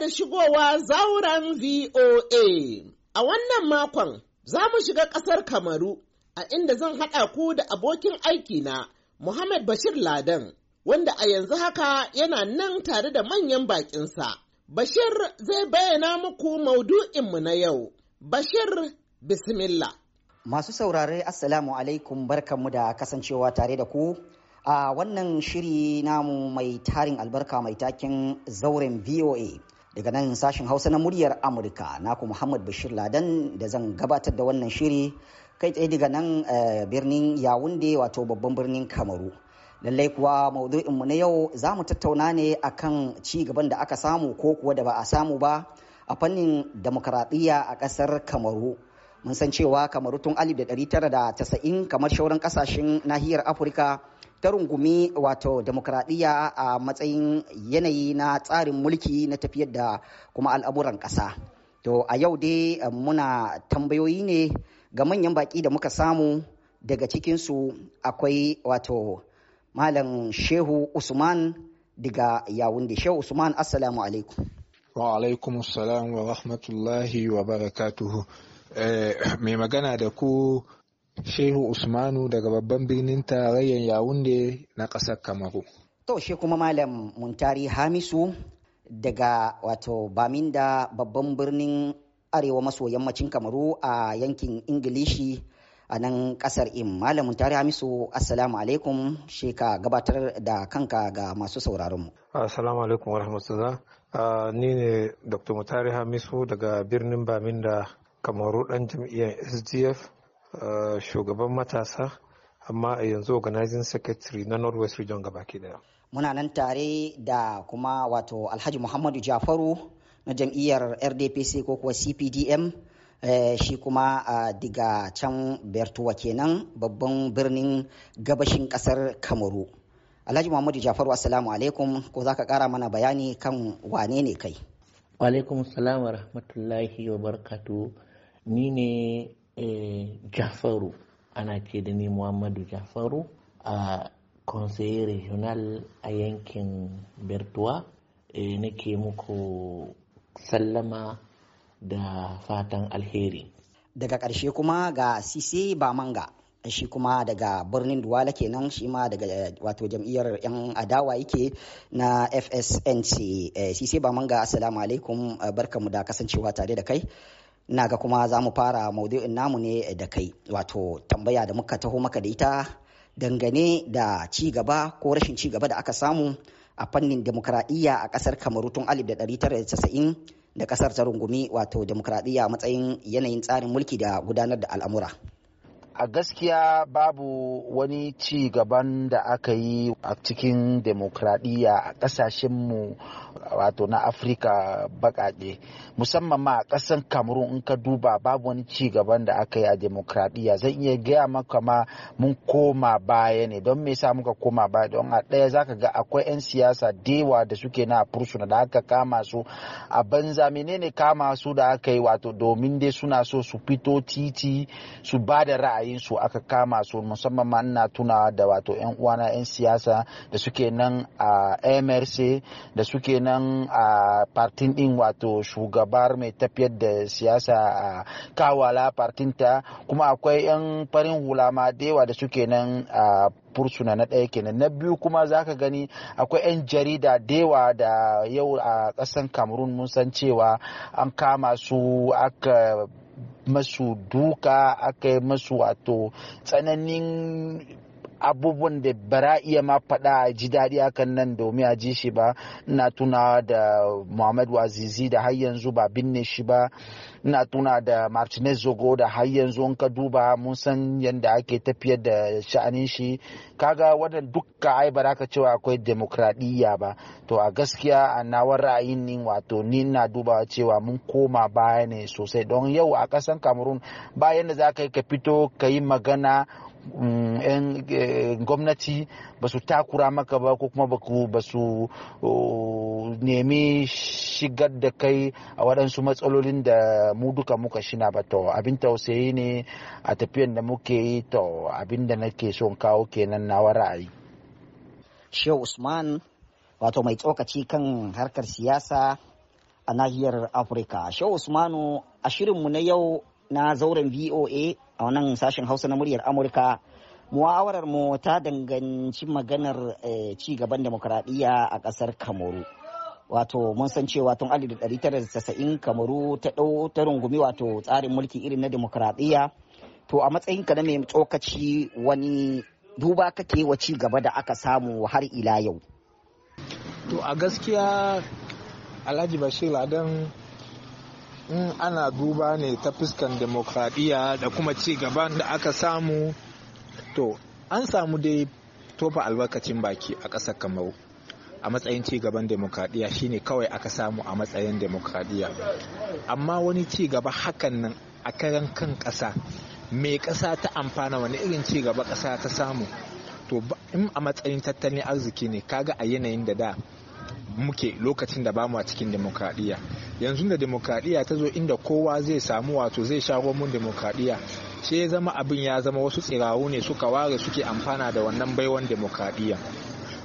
da shigowa zauren VOA. A wannan makon za mu shiga ƙasar Kamaru a inda zan haɗa ku da abokin aikina Muhammad Bashir Ladan, wanda a yanzu haka yana nan tare da manyan baƙinsa. Bashir zai bayyana muku maudu'inmu na yau. Bashir Bismillah. Masu saurare Assalamu alaikum barkanmu da kasancewa tare da ku. a wannan shiri namu mai tarin albarka mai takin zauren voa daga nan sashen hausa na muryar amurka naku muhammad bashir ladan da zan gabatar da wannan shiri kai tsaye daga nan eh, birnin yawunde wato babban birnin kamaru lallai kuwa mu na yau za mu tattauna ne akan ci gaban da aka samu ko kuwa da ba a samu ba a fannin demokaradiyya a ƙasar kamaru mun san cewa kamaru tun 1990 kamar shauran kasashen nahiyar afirka ta rungumi wato demokradiyya a matsayin yanayi na tsarin mulki na tafiyar da kuma al'amuran ƙasa. To a yau dai eh, muna tambayoyi ne ga manyan baƙi da muka samu daga cikinsu akwai wato Malam Shehu Usman daga Yawunde. Shehu Usman, Assalamu alaikum. Wa alaikum salam wa rahmatullahi wa barakatuhu. Eh, mai magana da ku Shehu Usmanu daga babban birnin tarayyar Yawunde na ƙasar Kamaru. To shi kuma Malam Muntari Hamisu daga wato Baminda babban birnin arewa maso yammacin Kamaru a yankin Ingilishi a nan ƙasar Im. Malam Muntari Hamisu Assalamu alaikum shi ka gabatar da kanka ga masu sauraronmu. Assalamu alaikum wa Uh, ah, ni ne Dr. Mutari Hamisu daga birnin Baminda Kamaru ɗan jam'iyyar SDF. Eh, shugaban matasa amma a yanzu organizing secretary na northwest region gabaki daya muna nan tare da kuma wato alhaji muhammadu jafaru na jam'iyyar rdpc ko kuwa cpdm eh, shi kuma eh, daga can bertuwa kenan babban birnin gabashin kasar kamaru alhaji muhammadu jafaru assalamu alaikum ko za ka kara mana bayani kan wane ne kai alaikum salam wa rahmatullahi wa barkatu ni ne Eh, Jafaru ana ce da ni Muhammadu Jafaru a Conseil Regional a yankin Bertuwa eh, nake muku sallama da fatan alheri. Daga ƙarshe kuma ga Sisi Bamanga shi kuma daga birnin Duwala kenan shi ma daga wato jam'iyyar 'yan adawa yake na FSNC. Sisi eh, Bamanga Assalamu alaikum barkamu da kasancewa tare da kai. na ga kuma za mu fara maudu'in namu ne da kai wato tambaya da muka taho maka da ita dangane da ci gaba ko rashin ci gaba da aka samu a fannin demokradiyya a kasar kamaru tun 1990 da kasar ta rungumi wato demokradiyya matsayin yanayin tsarin mulki da gudanar da al'amura. a gaskiya babu wani ci gaban da aka yi a cikin demokradiyya a ƙasashenmu wato na afirka baƙaƙe musamman ma a ƙasan cameroon in ka duba babu wani ci gaban da aka yi a demokradiyya zan iya gaya maka ma mun koma baya ne don me sa muka koma baya don a ɗaya zaka ga akwai 'yan siyasa dewa da suke na fursuna da aka kama su a banza menene kama su da aka yi wato domin dai suna so su fito titi su ba da ra'ayi ra'ayin su aka kama su musamman ma ina tuna da wato yan uwana yan siyasa da suke nan a MRC da suke nan a partin din wato shugabar mai tafiyar da siyasa a kawala partin ta kuma akwai yan farin hula ma da yawa da suke nan a fursuna na ɗaya kenan na biyu kuma za ka gani akwai 'yan jarida dewa da yau a ƙasan cameroon mun san cewa an kama su aka masu duka ake masu wato tsananin abubuwan da bara iya ma faɗa ji daɗi akan nan domin a ji shi ba na tuna da muhammad wazizi da har yanzu ba binne shi ba ina tuna da martinez zogo da har yanzu ka duba mun san yadda ake tafiyar da sha'anin shi kaga wannan dukka ai ba ka cewa akwai demokradiyya ba to a gaskiya a nawar ra'ayin ni wato ni na duba cewa mun koma baya ne sosai don yau a ƙasan cameroon bayan da za ka yi ka fito ka yi magana Mm, 'yan eh, gwamnati ba su takura maka ba ko kuma ba su nemi shigar da kai a waɗansu matsalolin da mu duka muka shina ba to abin tausayi ne a tafiyan da muke yi to abin da nake son kawo kenan na ra'ayi. Shehu Usman wato mai tsokaci kan harkar siyasa a nahiyar Afirka. Shehu Usmanu a shirinmu na yau na zauren VOA a wannan sashen hausa na muryar amurka mu'awarar mu ta danganci maganar eh, ci gaban demokuraɗiyya a ƙasar kamaru wato mun san cewa tun 1990 kamaru ta ɗau ta rungumi wato tsarin mulki irin na demokuraɗiyya to a matsayin ka na mai tsokaci wani duba kake wa ci gaba da aka samu har ila yau to a gaskiya alhaji bashir ladan in ana duba ne ta fuskan demokradiyya da kuma ci gaban da aka samu to an samu dai tofa albarkacin baki a ƙasar kamaru a matsayin ci gaban demokradiyya shine kawai aka samu a matsayin demokradiyya amma wani ci gaba hakan nan a karan kan ƙasa mai ƙasa ta amfana wani irin ci gaba ƙasa ta samu to in a matsayin tattalin arziki ne kaga a yanayin da da muke lokacin da bamu a cikin demokradiyya yanzu da demokradiyya ta zo inda kowa zai samu wato zai sha mun demokradiyya sai ya zama abin ya zama wasu tsirawu ne suka ware suke amfana da wannan baiwan demokradiyya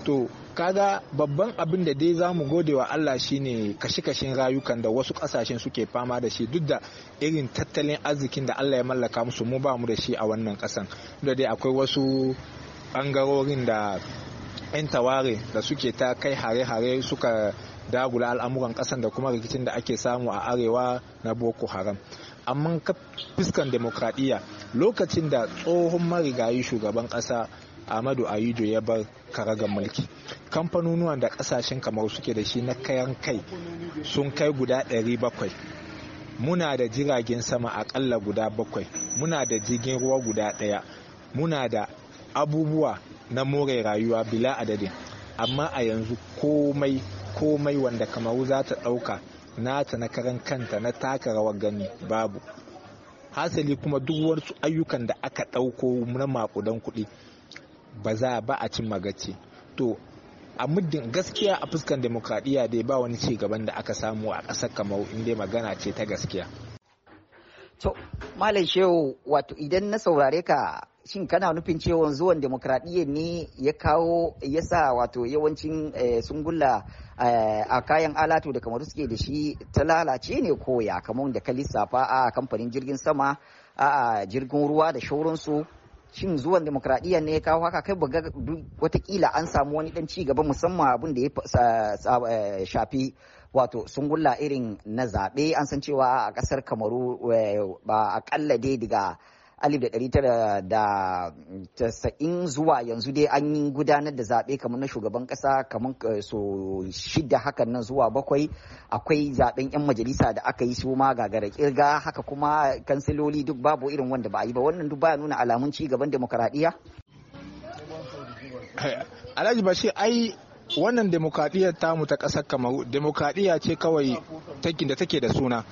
to kaga babban abin da dai za mu gode wa Allah shine kashe-kashen rayukan da wasu kasashen suke fama da shi duk da irin tattalin arzikin da Allah ya mallaka musu mu ba mu da shi a wannan kasan da dai akwai wasu bangarorin da 'yan taware da suke ta kai hare-hare suka dagula al'amuran kasan da kuma rikicin da ake samu a arewa na boko haram amma fuskan demokradiyya lokacin da tsohon marigayi shugaban kasa amadu Ayijo ya bar karagar mulki. Kamfanonuwan da kasashen kamar suke da shi na kayan kai sun kai guda 700. Muna da jiragen sama akalla guda bakwai. Muna da jirgin ruwa guda ɗaya. Muna da abubuwa na more rayuwa bila adadin. Amma a yanzu komai komai wanda kamaru za ta ɗauka nata na karan kanta na taka rawar gani babu hasali kuma duk wasu ayyukan da aka ɗauko na makudan kuɗi ba za ba a cin magace to a muddin gaskiya a fuskan demokradiyya dai ba wani ci gaban da aka samu a ƙasar kamau inda magana ce ta gaskiya to malam shehu wato idan na saurare ka shin kana nufin cewa zuwan demokradiyya ne ya kawo ya sa wato yawancin eh, sungulla eh, a kayan alatu da kamar suke da shi ta lalace ne ko ya kamar da ka lissafa a kamfanin jirgin sama a jirgin ruwa da shauransu shin zuwan demokradiyya ne ya kawo haka kai ba watakila an samu wani dan gaba musamman abin da ya eh, shafi wato gulla irin na zaɓe an san cewa a kasar kamaru ba a dai daga alif da ɗari tara da tasa'in zuwa yanzu dai an yi gudanar da zaɓe kamar na shugaban ƙasa kamar eh, so shida hakan nan zuwa bakwai akwai zaɓen 'yan majalisa da aka yi su ma gagara ƙirga haka kuma kansiloli duk babu irin wanda ba a yi ba wannan duk baya nuna alamun ci gaban demokaradiyya alhaji bashir ai wannan demokradiyyar tamu ta ƙasar kamaru demokradiyya ce kawai da take da suna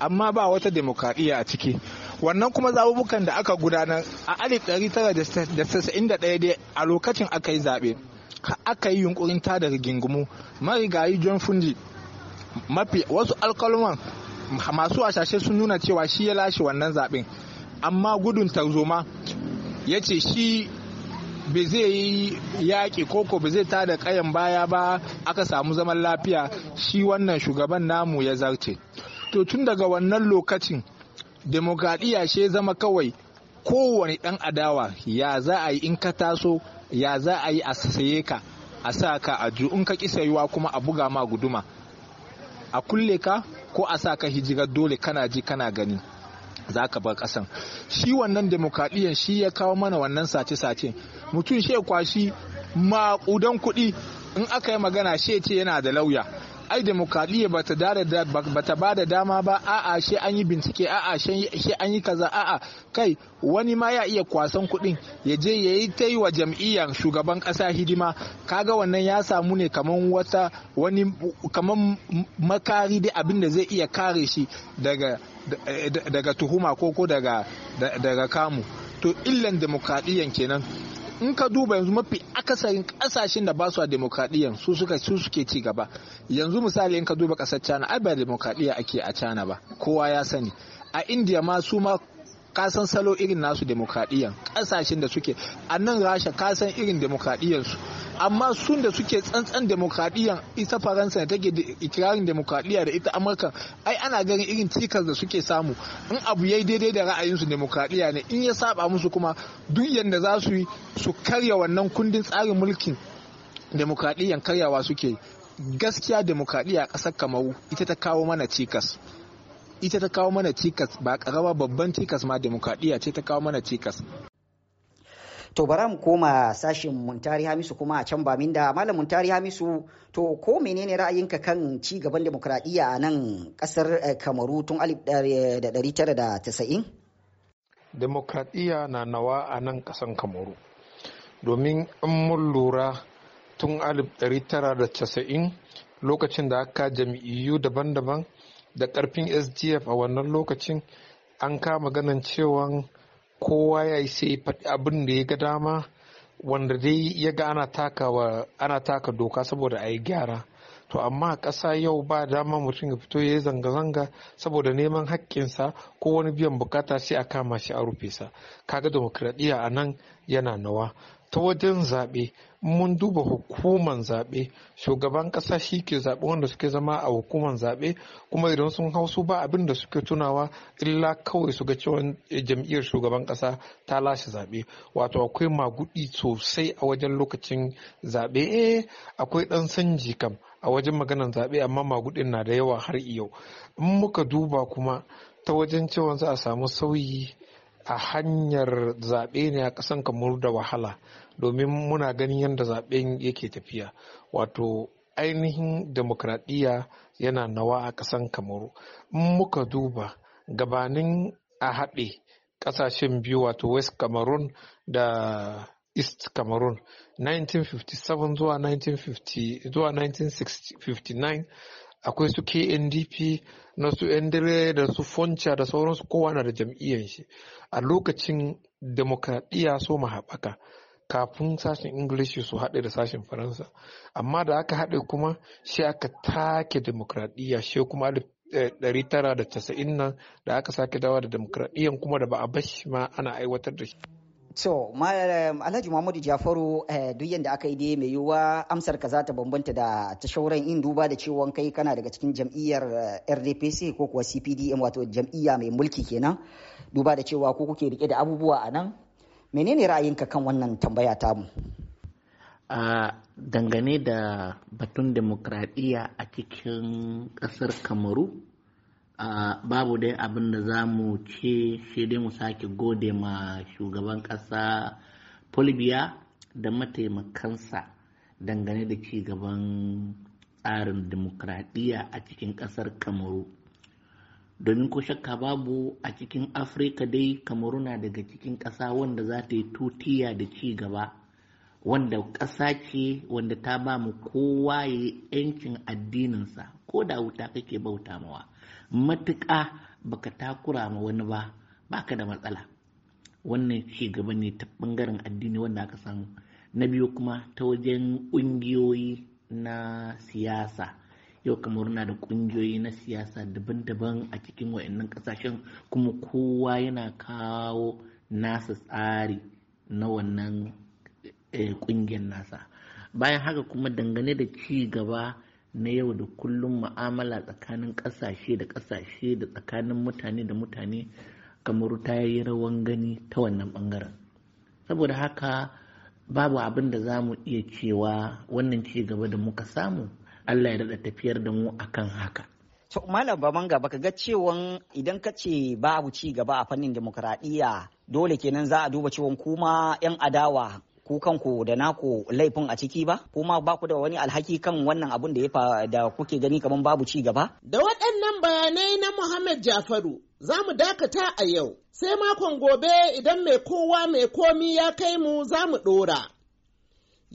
amma ba wata demokradiyya a ciki wannan kuma zabubukan da aka gudanar a alif 1991 dai a lokacin aka yi zaɓe aka yi yunkurin tada rigingimu marigayi john fungi mafi wasu alkalman masu washashe sun nuna cewa shi ya lashe wannan zaɓen amma gudun tarzoma ya ce shi ba zai yi yaƙi koko ba zai tada ƙayan baya ba aka samu zaman lafiya shi wannan shugaban namu ya zarce to tun daga wannan lokacin demokradiyya she zama kawai kowane ɗan adawa ya za a yi in ka taso ya za a yi a saye ka a sa ka a ju in ka ki sayuwa kuma a buga ma guduma a kulle ka ko a sa ka hijira dole kana ji kana gani za ka bar kasan shi wannan demokradiyyar shi ya kawo mana wannan sace-sace mutum she kwashi maƙudan kuɗi in aka yi magana she ce yana da lauya ai demokradiyya bata dare ba da dama ba a'a shi an yi bincike a'a shi an yi kaza a'a kai wani ma ya iya kwasan kuɗin ya je ya yi ta yi wa jam'iyyar shugaban ƙasa hidima kaga wannan ya samu ne kaman wata wani kaman makari da abin da zai iya kare shi daga daga tuhuma ko ko daga daga kamu to illan demokradiyyan kenan in ka duba yanzu mafi akasarin kasashen da ba su a demokradiyyar su suka su suke ci gaba yanzu misali in ka duba kasar China ai ba demokradiyya ake a China ba kowa ya sani a India ma su ma kasan salo irin nasu demokradiyyan kasashen da suke a nan rasha kasan irin demokradiyyan amma sun da suke tsantsan demokradiyyan ita faransa da take ikirarin demokradiyya da ita amurka ai ana ganin irin cikas da suke samu in abu yayi daidai da ra'ayinsu demokradiyya ne in ya saba musu kuma duk yadda za su yi su karya wannan kundin tsarin mulkin demokradiyyan karyawa suke gaskiya demokradiyya a ƙasar kamaru ita ta kawo mana cikas ita ta kawo mana cikas ba karama babban cikas ma demokradiyya ce ta kawo mana cikas to bara mu koma sashin muntari hamisu kuma a can bamin da malam muntari hamisu to ko menene ra'ayinka kan ci gaban demokradiyya a nan kasar eh, kamaru tun 1990 eh, demokradiyya na nawa a nan kasan kamaru domin an mun lura tun 1990 lokacin da aka jam'iyyu daban-daban da karfin sdf a wannan lokacin an kama ganin cewa kowa ya yi sai abin da ya ga dama wanda dai ya ga ana taka doka saboda a yi gyara to amma ƙasa yau ba dama mutum ya fito ya yi zanga-zanga saboda neman haƙƙinsa ko wani biyan bukata sai a kama shi a rufe sa kaga demokradiyya a nan yana nawa ta wajen zaɓe mun duba hukuman zaɓe shugaban ƙasa shi ke zaɓe wanda suke zama a hukumar zaɓe kuma idan sun hau su ba abin da suke tunawa illa kawai su ga cewa jam'iyyar shugaban ƙasa ta lashe zaɓe wato akwai magudi sosai a wajen lokacin zaɓe eh akwai ɗan sanji kam a wajen maganar zaɓe amma magudin na da yawa har yau in muka duba kuma ta wajen cewa za a samu sauyi a hanyar zaɓe ne a ƙasan kamar da wahala domin muna ganin yadda zaben yake tafiya wato ainihin demokradiyya yana nawa a ƙasan kamaru in muka duba gabanin a haɗe ƙasashen biyu wato west cameroon da east cameroon 1957 zuwa 1950 zuwa 1959 akwai su KNDP na su Endere da su Foncha da sauransu kowa na da jam'iyyar shi a lokacin demokradiyya so haɓaka kafin sashen ingilishi su haɗe da sashen faransa amma da aka haɗe kuma shi aka take demokradiyya shi kuma 1990 eh, nan da aka sake dawa da demokradiyyan kuma da ba a bashi ma ana aiwatar da shi so eh, alhaji muhammadu jafaru eh, duk yadda aka yi dai mai yiwuwa amsar ka za ta bambanta da ta shauran in duba da cewa kai kana daga cikin jam'iyyar rdpc ko kuwa cpdm wato jam'iyya mai mulki kenan duba da cewa ko kuke rike da abubuwa a nan menene ra'ayinka kan wannan tambaya tamu a dangane da batun demokradiyya a cikin ƙasar kamaru babu dai abin da za mu ce shi dai mu sake gode ma shugaban ƙasa polibiya da mataimakansa dangane da ci gaban tsarin demokradiyya a cikin ƙasar kamaru domin ko shakka babu a cikin afirka dai kamaruna daga cikin ƙasa wanda za ta yi tutiya da ci gaba wanda ƙasa ce wanda ta ba mu kowa ya yancin addininsa ko da wuta kake bauta mawa matuƙa baka takura ma wani ba baka da matsala wannan ci gaba ne ta ɓangaren addini wanda aka samu na biyu kuma ta wajen ƙungiyoyi na siyasa yau kamar na da kungiyoyi na siyasa daban-daban a cikin wa'annan kasashen kuma kowa yana kawo nasa tsari na wannan kungiyar eh, nasa bayan haka kuma dangane da ci gaba na yau da kullum ma'amala tsakanin kasashe da kasashe da tsakanin mutane da mutane kamar ta yi rawan gani ta wannan bangaren saboda haka babu abin da za mu iya cewa wannan ci gaba da muka samu Allah ya daɗa tafiyar da mu akan haka. To Malam ba baka ga cewan idan ka ce babu ci gaba a fannin demokuraɗiyya dole kenan za a duba cewan kuma 'yan adawa ku kanku da naku laifin a ciki ba kuma ba ku da wani alhaki kan wannan abun da ya da kuke gani kamar babu ci gaba da waɗannan bayanai na Muhammad Jafaru za mu dakata a yau sai makon gobe idan mai kowa mai komi ya kai mu za mu ɗora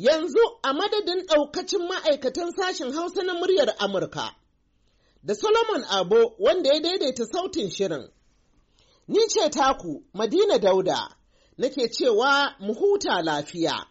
Yanzu a madadin ɗaukacin ma'aikatan sashen Hausa na muryar Amurka, da Solomon Abo wanda ya daidaita sautin shirin. Ni ce taku Madina Dauda, nake cewa mu huta lafiya.